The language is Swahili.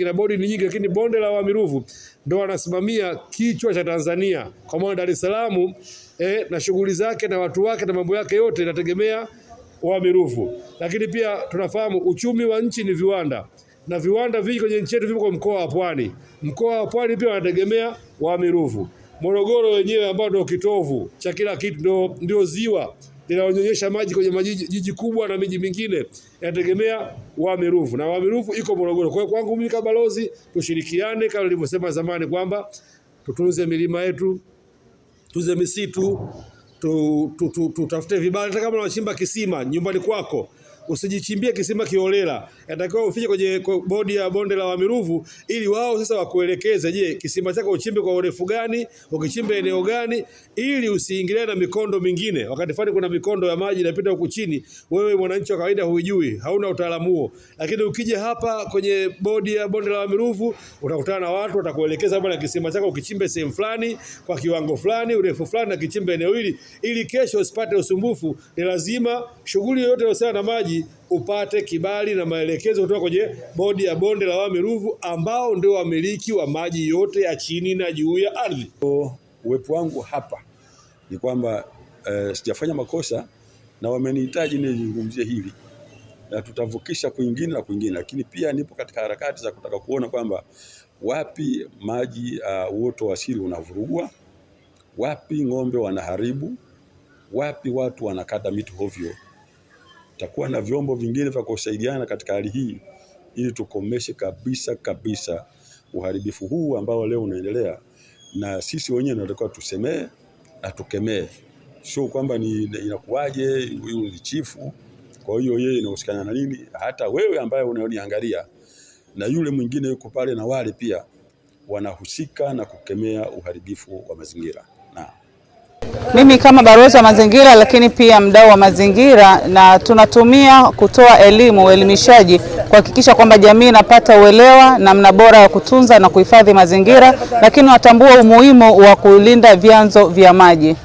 na bodi ni nyingi, lakini bonde la Wami Ruvu ndo wanasimamia kichwa cha Tanzania, kwa maana Dar es Salaam eh, na shughuli zake na watu wake na mambo yake yote inategemea Wami Ruvu. Lakini pia tunafahamu uchumi wa nchi ni viwanda, na viwanda vingi kwenye nchi yetu vipo kwa mkoa wa Pwani. Mkoa wa Pwani pia wanategemea Wami Ruvu. Morogoro wenyewe ambao ndio kitovu cha kila kitu, ndio ziwa linalonyonyesha maji kwenye majiji jiji kubwa na miji mingine yanategemea Wami Ruvu, na Wami Ruvu iko Morogoro. Kwa hiyo kwangu mimi kama balozi, tushirikiane kama nilivyosema zamani kwamba tutunze milima yetu, tutunze misitu, tutafute tu, tu, tu, vibali. Hata kama unachimba kisima nyumbani kwako Usijichimbie kisima kiolela. Inatakiwa ufike kwenye bodi ya bonde la Wamiruvu ili wao sasa wakuelekeze, je, kisima chako uchimbe kwa urefu gani, ukichimbe eneo gani, ili usiingiliane na mikondo mingine. Wakati fulani kuna mikondo ya maji inapita huku chini, wewe mwananchi wa kawaida huijui, hauna utaalamu huo. Lakini ukija hapa kwenye bodi ya bonde la Wamiruvu utakutana na watu watakuelekeza, bwana, kisima chako ukichimbe sehemu fulani kwa kiwango fulani, urefu fulani, na kichimbe eneo hili ili kesho usipate usumbufu. Ni lazima shughuli yoyote inayohusiana na maji unahitaji upate kibali na maelekezo kutoka kwenye bodi ya bonde la Wami Ruvu ambao ndio wamiliki wa maji yote ya chini na juu ya ardhi. Uwepo wangu hapa ni kwamba e, sijafanya makosa na wamenihitaji nizungumzie hili na tutavukisha kwingine na kwingine, lakini pia nipo katika harakati za kutaka kuona kwamba wapi maji uh, uoto uh, wa asili unavurugwa, wapi ng'ombe wanaharibu, wapi watu wanakata miti hovyo tutakuwa na vyombo vingine vya kusaidiana katika hali hii ili tukomeshe kabisa kabisa uharibifu huu ambao leo unaendelea, na sisi wenyewe tunatakiwa tusemee na tukemee, sio kwamba ni inakuwaje, huyu ni chifu, kwa hiyo yeye inahusikana na nini? Hata wewe ambaye unaoniangalia na yule mwingine yuko pale na wale pia wanahusika na kukemea uharibifu wa mazingira na mimi kama balozi wa mazingira lakini pia mdau wa mazingira, na tunatumia kutoa elimu, uelimishaji kuhakikisha kwamba jamii inapata uelewa namna bora ya kutunza na kuhifadhi mazingira, lakini watambua umuhimu wa kulinda vyanzo vya maji.